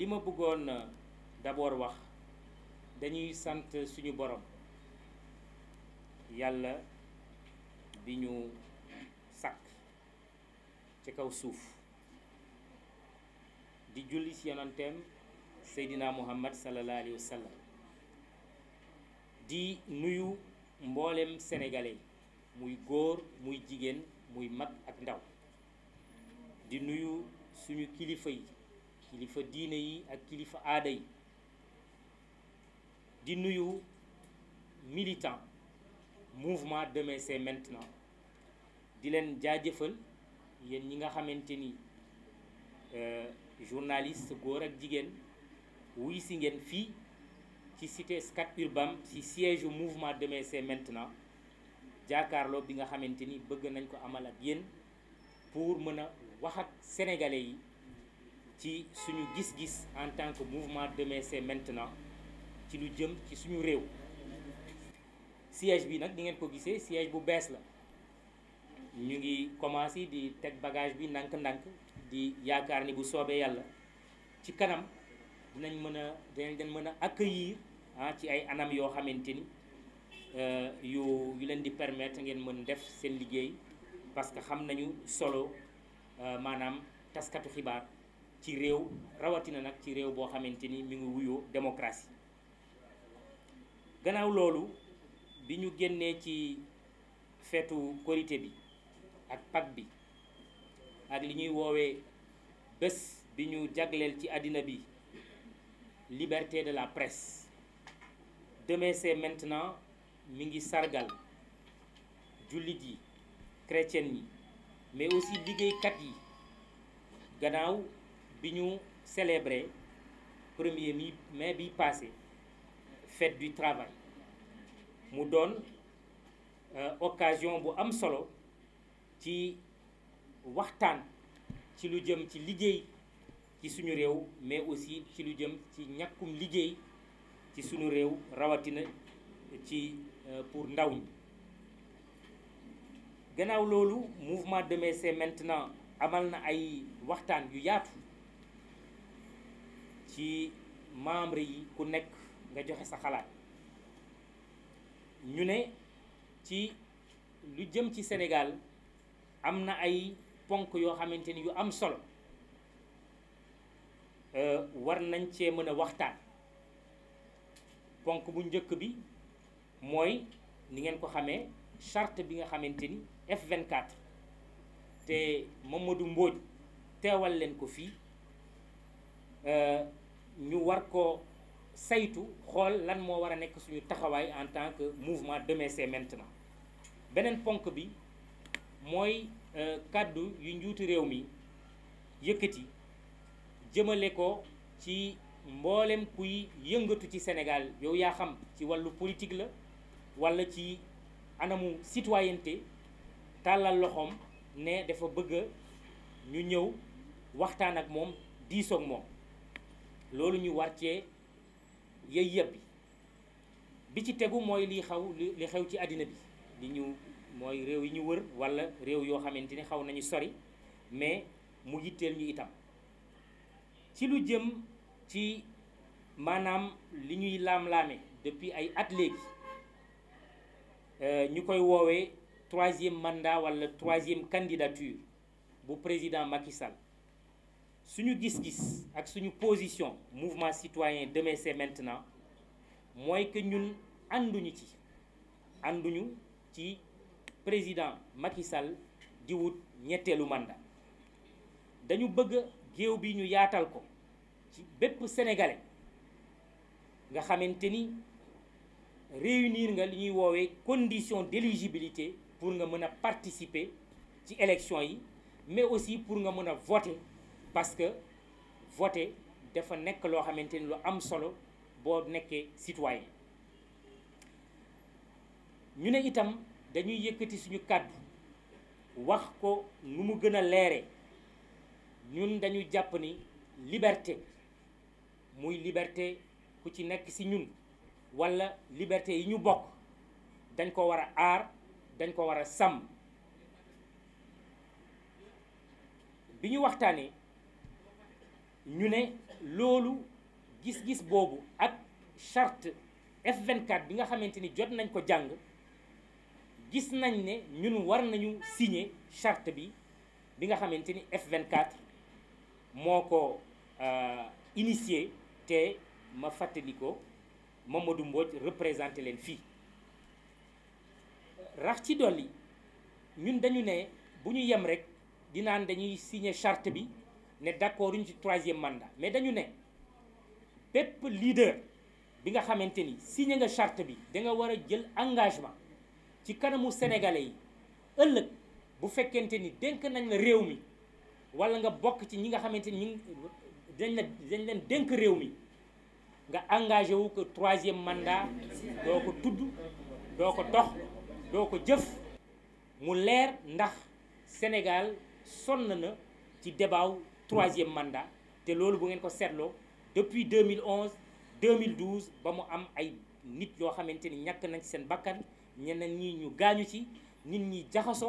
li ma bëggoon euh, d'abord wax dañuy sant suñu boroom yàlla bi ñu sàkk ci kaw suuf di julli ci yonanteem Seydina Muhammad sallallahu sallam di nuyu mboolem sénégalais muy góor muy jigéen muy mag ak ndaw di nuyu suñu kilifa yi kilifa diine yi ak kilifa di nuyu militant mouvement demain c'est maintenant di leen jaajëfal yéen ñi nga euh, journaliste góor ak jigéen wuy si ci mouvement demain c'est maintenant Il bi nga pour mën sénégalais ci suñu gis en tant que mouvement de c'est maintenant ci lu jëm ci suñu réew siège bi ngeen ko siège bu commencé di bagage bi di bu ci kanam dinañ accueillir ah, ci ay anam yo euh yu yu leen di permettre ngeen def parce que solo euh, ci réew rawatina nag ci réew boo xamante ni mi ngi wuyoo démocratie gannaaw loolu bi ñu génnee ci feetu korité bi ak Pâques bi ak li ñuy woowee bés bi ñu jagleel ci àddina bi liberté de la presse deme c'est maintenant mu ngi sargal jullit yi chrétiens yi mais aussi liggéeykat yi gannaaw bi ñu célébrer premier mi mai bi passé fête du travail mu donne euh, occasion bu am solo ci waxtan ci lu jëm ci liggéey ci suñu réew mais aussi ci lu jëm ci ñakum liggéey ci suñu réew rawatina ci euh, pour ndaw ñi loolu mouvement mai c'est maintenant amal na ay waxtan yu yaatu ci membre yi ku nekk nga joxe sa xalaat ñu ne ci lu jëm ci senegal am na ay ponk yoo xamante ni yu am solo euh, war nañ cee mën a waxtaan ponk bu njëkk bi mooy ni ngeen ko xamee charte bi nga xamante ni F24 te Mamadou Mbodj teewal leen ko fii euh, ñu war ko saytu xool lan moo war a nekk suñu taxawaay en tant que mouvement demain c'est maintenant beneen ponk bi mooy euh, kàddu yu njuuti réew mi yëkkati jëmale ko ci mboolem kuy yëngatu ci Sénégal yow yaa xam ci wàllu politique la walla ci anamu citoyenneté tàllal loxoom ne dafa bëgg ñu ñëw waxtaan ak moom diisoog moom lolu ñu que nous avons bi ci tegu moy li xaw li xew ci nous bi di ñu moy réew yi ñu wër wala réew yo xamanteni xaw nañu sori mais mu yittel ñu itam ci lu jëm ci manam li ñuy depuis ay at nous euh, ñukoy troisième mandat le troisième candidature bu président Macky Sall suñu gis-gis ak suñu position mouvement citoyen demain c'est maintenant moy que ñun anduñu ci anduñu ci président Macky Sall di wut ñettelu mandat dañu bëgg géew bi ñu yaatal ko ci bépp sénégalais nga xamante réunir nga li ñuy woowee condition d'éligibilité pour nga mën a participer ci élection yi mais aussi pour nga mën a voter parce que voter dafa nekk loo xamante ni lu am solo boo nekkee citoyen ñu ne itam dañuy yëkkati suñu kàddu wax ko nu mu gën a leere ñun dañu jàpp ni liberté muy liberté ku ci nekk ci ñun walla liberté yi ñu bokk dañ ko war a aar dañ ko war a sàmm bi ñu waxtaanee ñu ne loolu gis-gis boobu ak charte F24 bi nga xamante ni jot nañ ko jàng gis nañ ne ñun war nañu signe charte bi bi nga xamante ni F24 moo ko euh, initié te ma fàttali ko Mamadou Mbodj représenté leen fii rax ci dolli ñun dañu ne bu ñu yem rek dinaan dañuy signe charte bi ne d'accord une ci troisième mandat mais dañu ne bépp leader bi nga xamanteni ni signé nga charte bi da nga wara jël engagement ci kanamu sénégalais yi ëllëg bu fekkenteni ni nañ la réew mi wala nga bok ci ñi nga xamanteni ni dañ la dañ leen denk réew mi nga engagé wu que troisième mandat do ko tudd do ko dox do ko jëf mu leer ndax Sénégal sonna na ci débat troisième mandat te loolu bu ngeen ko seetloo depuis 2011 2012 ba am ay nit yo xamanteni ñak nañ ci sen bakkan ñeneen ñi ñu gañu ci nit ñi jaxaso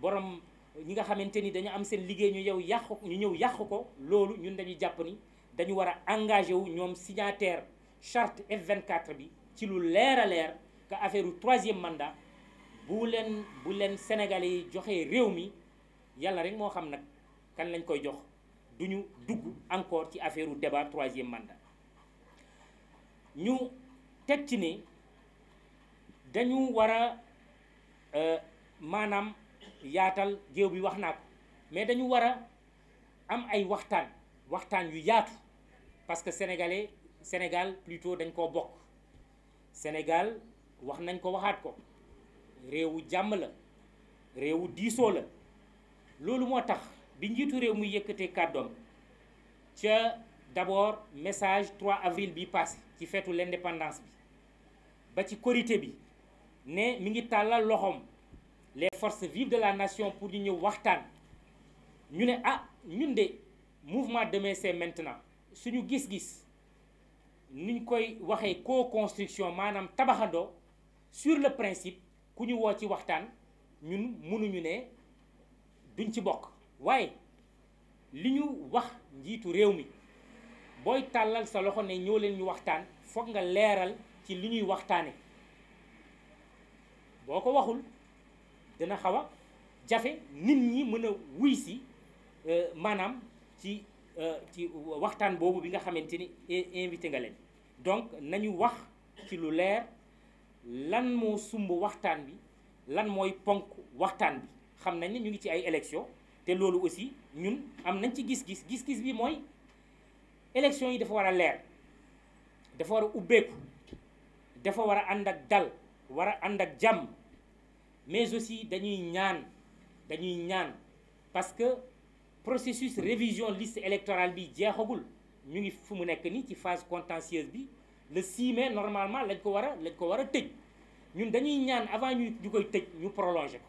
borom ñi nga xamanteni dañu am sen liggéey ñu yow yàq ñu ñew yàq ko lolu ñun dañu japp ni dañu wara engager engagé wu ñoom signataire charte F24 bi ci lu leer a ka affaireu troisième mandat bu leen bu leen sénégalais joxé réew mi yalla rek mo xam nak kan lañ koy jox nous avons encore ci le débat débat troisième mandat ñu teg ci ni dañu war a euh, maanaam yaatal bi wax mais dañu war a am ay waxtaan waxtaan parce que sénégalais Sénégal plutôt dañ Sénégal wax ko waxaat ko réewu jàmm la réewu diisoo bi njiitu réew muy yëkkatee kàddoom ca d'abord message 3 avril bi passé ci fête l'indépendance bi ba ci corité bi né mi ngi talal loxom les forces vives de la nation pour ñu ñëw waxtaan ñu ne ah ñun dé. mouvement demain c'est maintenant suñu gis-gis niñ koy waxé co-construction manam tabaxandoo sur le principe ku ñu woo ci waxtaan ñun mënuñu ne duñ ci bokk waaye li ñu wax njiitu réew mi booy tàllal sa loxo ne ñoo leen ñu waxtaan foog nga leeral ci li ñuy waxtaane boo ko waxul dina xaw a jafe nit ñi mën a wuy si euh, maanaam ci euh, ci waxtaan boobu bi nga xamante ni invité nga leen donc nañu wax ci lu leer lan moo sumb waxtaan bi lan mooy ponk waxtaan bi xam nañ ni ñu ngi ci ay élection te loolu aussi ñun am nañ ci gis-gis gis-gis bi moy élection yi dafa wara lèr dafa wara a dafa wara and ak dal wara and ak jam mais aussi dañuy ñaan dañuy ñaan parce que processus révision liste électorale bi jéxagul ñu ngi fu mu nekk nii ci phase contentieuse bi le 6 mai normalement lañ ko wara a lañ ko wara a ñun dañuy ñaan avant ñu ñu koy tëj ñu prolonger ko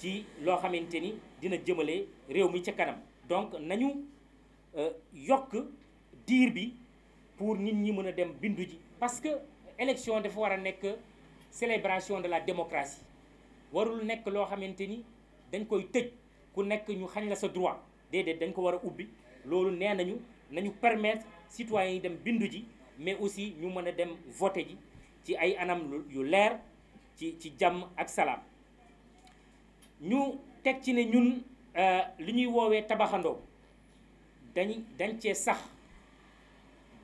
ci lo xamante dina jëmale réew mi kanam donc nañu euh, yok dir bi pour nit ñi mëna dem parce que élection dafa wara célébration de la démocratie warul nek nous xamante dañ koy tejj ku nek ñu la sa droit dédé dañ ko wara permettre citoyens yi dem mais aussi ñu dem voter ji ci ay anam yu ak nous teg ci ne ñun euh, li ñuy woowee tabaxandoo dañ dañ cee sax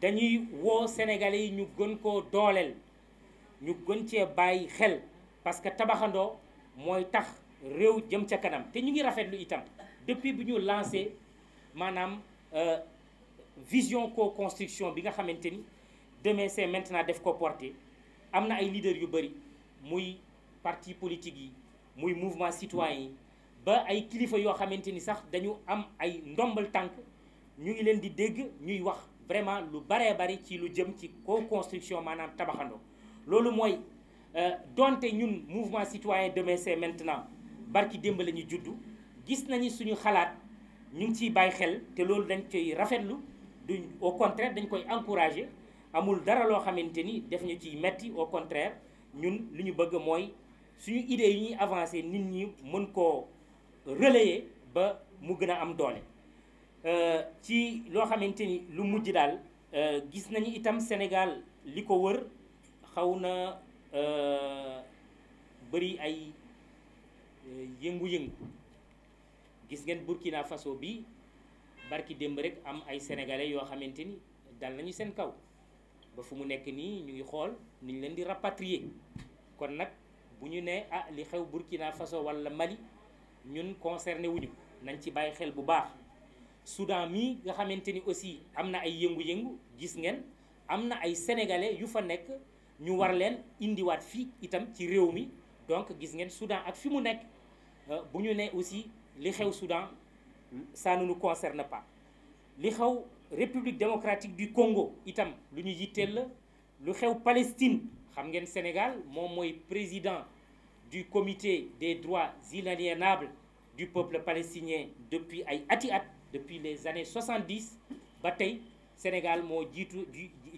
dañuy sénégalais yi ñu gën koo dooleel ñu gën xel parce que tabaxandoo mooy tax réew jëm ca kanam ñu ngi itam depuis ñu lancé la euh, vision co-construction bi nga demain c'est maintenant def ko porté ay parti politique muy mouvement citoyen ba ay kilifa yo xamanteni sax dañu am ay ndombal tank, ñu ngi leen di dégg ñuy vraiment lu bari ci lu jëm ci co-construction maanaam tabaxandoo loolu ...donc euh, donté ñun mouvement citoyen demain c'est maintenant barki démb la ñu juddu gis nañu suñu xalaat ñu ngi ciy bay xel té lolu dañ rafetlu au contraire dañ koy encourager amul dara lo xamanteni def ñu au contraire ñun suñu idées yi ñuy avancé nit ñi mën koo relayer ba mu gën a am doole euh, ci loo xamante ni lu mujj daal euh, gis nañu itam Sénégal li ko wër xaw na euh, bëri ay yëngu-yëngu gis ngeen Burkina Faso bi barki démb rek am ay sénégalais yoo xamante ni dal nañu seen kaw ba fu mu nekk nii ñu ngi xool ni ñu leen di rapatrier kon nag. bu ne ah li xew Burkina Faso wala Mali ñun concerné wuñu nañ ci baye xel bu baax Soudan mi nga xamanteni aussi amna ay yengu yengu gis ngeen amna ay sénégalais yu fa nek ñu war leen fi itam ci réew mi donc gis ngeen Soudan ak fi mu euh, aussi li xew Soudan ça ne nous concerne pas li xew République démocratique du Congo itam lu ñu lu xew Palestine xam Sénégal moom mooy président du comité des droits inaliénables du peuple palestinien depuis ay at depuis les années 70 ba Sénégal moo jiitu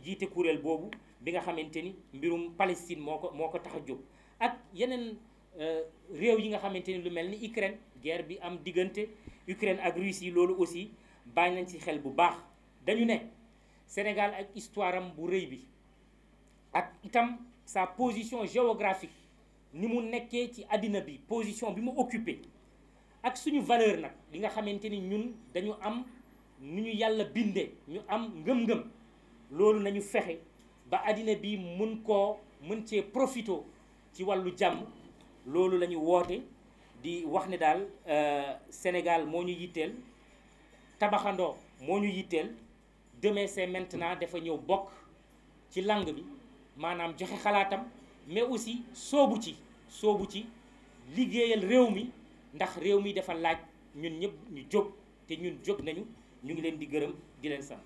jiite kuréel boobu bi nga xamante ni mbirum Palestine moo ko moo ko tax a jóg ak yeneen euh, réew yi nga xamante ni lu mel Ukraine guerre bi am digënté Ukraine ak Russie lolu aussi bañ nañ ci xel bu baax dañu né Sénégal ak histoire am bu reuy bi ak sa position géographique ni mu ci position bi mu occupé ak suñu valeur nak li nga xamanteni ñun dañu am ñu yalla nous ñu am nañu ba bi profito ci di wax euh, Sénégal nous ñu demain c'est maintenant dafa ci langue maanaam joxe xalaatam mais aussi soobu ci soobu ci liggéeyal réew mi ndax réew mi dafa laaj ñun ñëpp ñu jóg te ñun jóg nañu ñu ngi leen di gërëm di leen sant